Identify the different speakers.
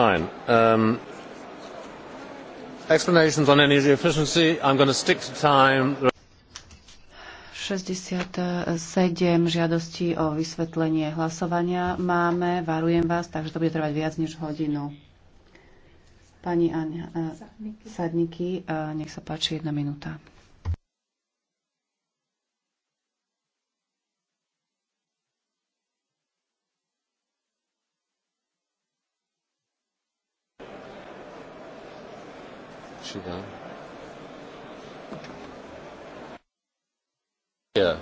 Speaker 1: fine. Um, explanations on energy efficiency. I'm going to stick to time.
Speaker 2: 67 žiadostí o vysvetlenie hlasovania máme. Varujem vás, takže to bude trvať viac než hodinu. Pani Ania eh, Sadniky, eh, nech sa páči, jedna minúta.
Speaker 3: She done. Yeah.